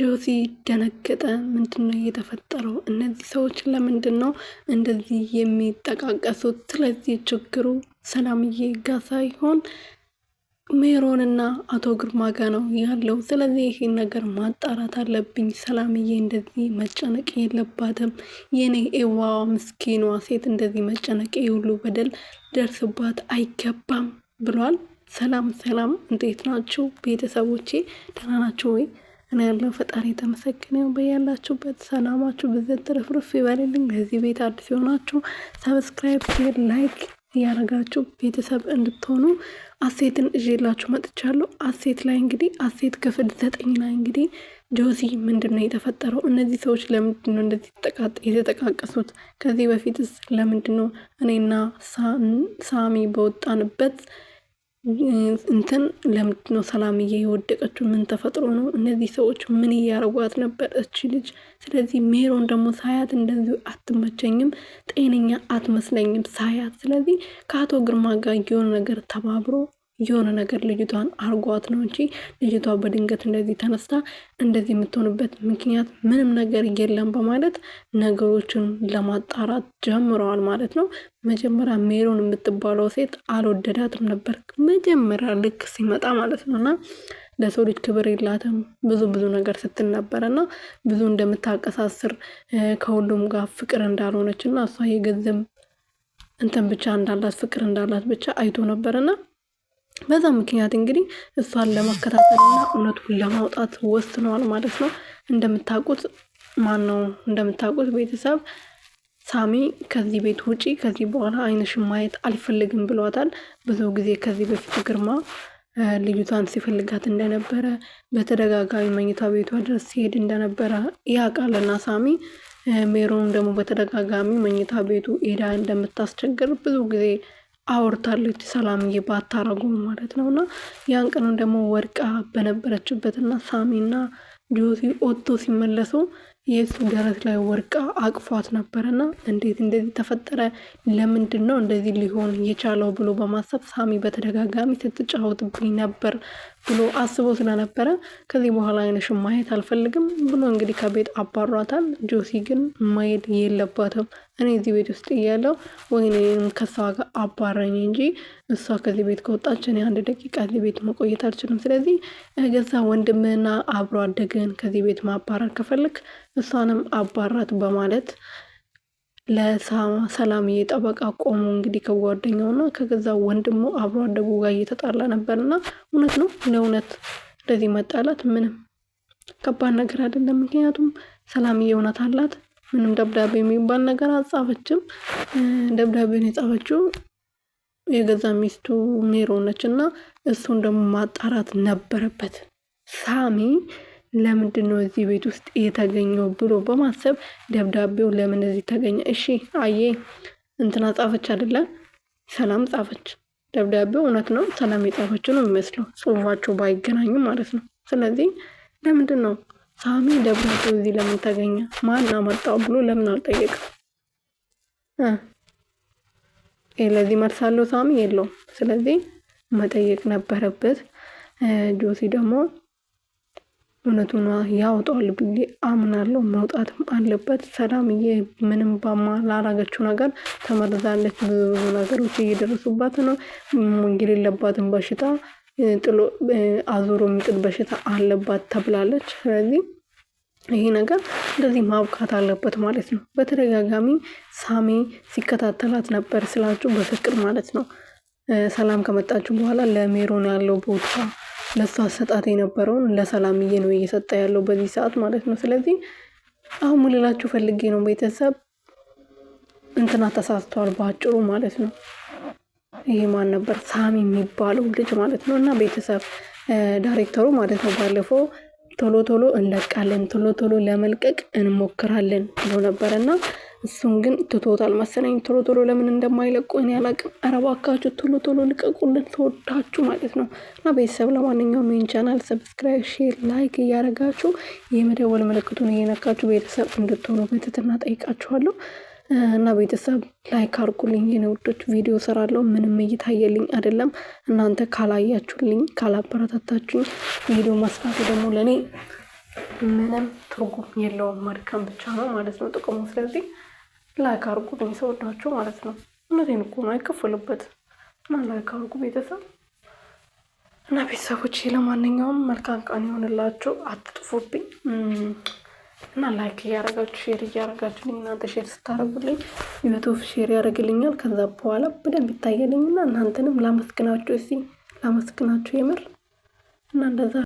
ጆሲ ደነገጠ። ምንድን ነው እየተፈጠረው? እነዚህ ሰዎች ለምንድን ነው እንደዚህ የሚጠቃቀሱት? ስለዚህ ችግሩ ሰላምዬ ጋ ሳይሆን እና አቶ ግርማ ጋ ነው ያለው። ስለዚህ ይሄን ነገር ማጣራት አለብኝ። ሰላምዬ እንደዚህ መጨነቅ የለባትም። የኔ ኤዋ ምስኪኗ ሴት እንደዚህ መጨነቅ የሁሉ በደል ደርስባት አይገባም ብሏል። ሰላም ሰላም፣ እንዴት ናችሁ ቤተሰቦቼ? ደህና ናችሁ ወይ? እኔ ያለው ፈጣሪ የተመሰገነ ይሁን። በያላችሁበት ሰላማችሁ ብዘት ትርፍርፍ ይበልልኝ። ለዚህ ቤት አዲስ የሆናችሁ ሰብስክራይብ፣ ሼር፣ ላይክ እያደረጋችሁ ቤተሰብ እንድትሆኑ አሴትን እዤላችሁ መጥቻለሁ። አሴት ላይ እንግዲህ አሴት ክፍል ዘጠኝ ላይ እንግዲህ ጆሲ ምንድን ነው የተፈጠረው? እነዚህ ሰዎች ለምንድን ነው እንደዚህ የተጠቃቀሱት? ከዚህ በፊትስ ለምንድን ነው እኔና ሳሚ በወጣንበት እንትን ለምንድነው ሰላምዬ የወደቀችው? ምን ተፈጥሮ ነው? እነዚህ ሰዎች ምን እያረጓት ነበር እች ልጅ? ስለዚህ ሜሮን ደግሞ ሳያት እንደዚሁ አትመቸኝም፣ ጤነኛ አትመስለኝም ሳያት። ስለዚህ ከአቶ ግርማ ጋር የሆነ ነገር ተባብሮ የሆነ ነገር ልጅቷን አርጓት ነው እንጂ ልጅቷ በድንገት እንደዚህ ተነስታ እንደዚህ የምትሆንበት ምክንያት ምንም ነገር የለም በማለት ነገሮችን ለማጣራት ጀምረዋል ማለት ነው። መጀመሪያ ሜሮን የምትባለው ሴት አልወደዳትም ነበር፣ መጀመሪያ ልክ ሲመጣ ማለት ነው እና ለሰው ልጅ ክብር የላትም ብዙ ብዙ ነገር ስትል ነበር እና ብዙ እንደምታቀሳስር ከሁሉም ጋር ፍቅር እንዳልሆነች እና እሷ የገንዘብ እንትን ብቻ እንዳላት ፍቅር እንዳላት ብቻ አይቶ ነበር እና በዛ ምክንያት እንግዲህ እሷን ለመከታተልና እውነቱን ለማውጣት ወስነዋል ማለት ነው። እንደምታውቁት ማን ነው እንደምታውቁት ቤተሰብ ሳሚ ከዚህ ቤት ውጪ ከዚህ በኋላ ዓይንሽን ማየት አልፈልግም ብሏታል። ብዙ ጊዜ ከዚህ በፊት ግርማ ልዩቷን ሲፈልጋት እንደነበረ በተደጋጋሚ መኝታ ቤቷ ድረስ ሲሄድ እንደነበረ ያውቃልና ሳሚ ሜሮን ደግሞ በተደጋጋሚ መኝታ ቤቱ ሄዳ እንደምታስቸግር ብዙ ጊዜ አውርታለች ሰላምዬ ባታረጉም ማለት ነው። እና ያን ቀን ደግሞ ወድቃ በነበረችበትና ሳሚና ጆሲ ወጥቶ ሲመለሱ የእሱ ደረት ላይ ወርቃ አቅፏት ነበረና እንዴት እንደዚህ ተፈጠረ፣ ለምንድን ነው እንደዚህ ሊሆን የቻለው ብሎ በማሰብ ሳሚ በተደጋጋሚ ስትጫወትብኝ ነበር ብሎ አስቦ ስለነበረ ከዚህ በኋላ አይነሽ ማየት አልፈልግም ብሎ እንግዲህ ከቤት አባሯታል። ጆሲ ግን ማየት የለባትም እኔ እዚህ ቤት ውስጥ እያለው ወይም ከሷ ጋር አባረኝ እንጂ እሷ ከዚህ ቤት ከወጣች እኔ አንድ ደቂቃ እዚህ ቤት መቆየት አልችልም። ስለዚህ ገዛ ወንድምና አብሮ አደገ ግን ከዚህ ቤት ማባረር ከፈልግ እሷንም አባራት በማለት ለሰላምዬ ጠበቃ ቆሞ እንግዲህ ከጓደኛውና ከገዛ ወንድሙ አብሮ አደጉ ጋር እየተጣላ ነበርና እውነት ነው ለእውነት እንደዚህ መጣላት ምንም ከባድ ነገር አይደለም። ምክንያቱም ሰላምዬ እውነት አላት። ምንም ደብዳቤ የሚባል ነገር አልጻፈችም። ደብዳቤውን የጻፈችው የገዛ ሚስቱ ሜሮነች እና እሱን ደግሞ ማጣራት ነበረበት ሳሚ ለምንድን ነው እዚህ ቤት ውስጥ የተገኘው ብሎ በማሰብ ደብዳቤው ለምን እዚህ ተገኘ? እሺ አየ እንትና ጻፈች አይደለ? ሰላም ጻፈች። ደብዳቤው እውነት ነው ሰላም የጻፈችው ነው የሚመስለው ጽሁፋቸው ባይገናኙ ማለት ነው። ስለዚህ ለምንድን ነው ሳሚ ደብዳቤው እዚህ ለምን ተገኘ፣ ማን አመጣው ብሎ ለምን አልጠየቅም? ለዚህ መልስ አለው ሳሚ የለውም። ስለዚህ መጠየቅ ነበረበት። ጆሲ ደግሞ እውነቱን ያወጣዋል ብዬ አምናለሁ። መውጣትም አለበት። ሰላምዬ ምንም ባማ ላላገችው ነገር ተመርዛለች። ብዙ ብዙ ነገሮች እየደረሱባት ነው። ወንጌል የለባትን በሽታ ጥሎ አዞሮ የሚጥል በሽታ አለባት ተብላለች። ስለዚህ ይሄ ነገር እንደዚህ ማብቃት አለበት ማለት ነው። በተደጋጋሚ ሳሜ ሲከታተላት ነበር ስላችሁ በፍቅር ማለት ነው። ሰላም ከመጣችሁ በኋላ ለሜሮን ያለው ቦታ ለእሷ አሰጣት የነበረውን ለሰላምዬ ነው እየሰጠ ያለው በዚህ ሰዓት ማለት ነው። ስለዚህ አሁን ልላችሁ ፈልጌ ነው ቤተሰብ እንትና ተሳስተዋል፣ በአጭሩ ማለት ነው። ይሄ ማን ነበር ሳሚ የሚባለው ልጅ ማለት ነው። እና ቤተሰብ ዳይሬክተሩ ማለት ነው ባለፈው ቶሎ ቶሎ እንለቃለን፣ ቶሎ ቶሎ ለመልቀቅ እንሞክራለን ብሎ ነበር እና እሱን ግን ትቶታል መሰለኝ። ቶሎ ቶሎ ለምን እንደማይለቁ እኔ አላቅም። አረባካችሁ ቶሎ ቶሎ ልቀቁልን፣ ተወዳችሁ ማለት ነው። እና ቤተሰብ ለማንኛውም ይህን ቻናል ሰብስክራይብ፣ ሼር፣ ላይክ እያደረጋችሁ የመደወል ምልክቱን እየነካችሁ ቤተሰብ እንድትሆኑ በትህትና ጠይቃችኋለሁ። እና ቤተሰብ ላይክ አርጉልኝ። የኔ ውዶች ቪዲዮ ሰራለሁ፣ ምንም እየታየልኝ አይደለም። እናንተ ካላያችሁልኝ፣ ካላበረታታችሁኝ ቪዲዮ መስራቱ ደግሞ ለእኔ ምንም ትርጉም የለውም። መድከም ብቻ ነው ማለት ነው ጥቅሙ። ስለዚህ ላይክ ብኝ ሰወዳቸው ማለት ነው። እነዚህን እኮ ነው አይከፈልበት እና ላይክ አድርጉ ቤተሰብ እና ቤተሰቦች፣ ለማንኛውም መልካም ቀን ይሆንላችሁ። አትጥፉብኝ እና ላይክ እያረጋችሁ ሼር እያደረጋችሁልኝ እናንተ ሼር ስታደርጉልኝ ዩቱብ ሼር ያደርግልኛል። ከዛ በኋላ በደንብ ይታየልኝና እናንተንም ላመስግናችሁ፣ እስኪ ላመስግናችሁ የምር እና እንደዛ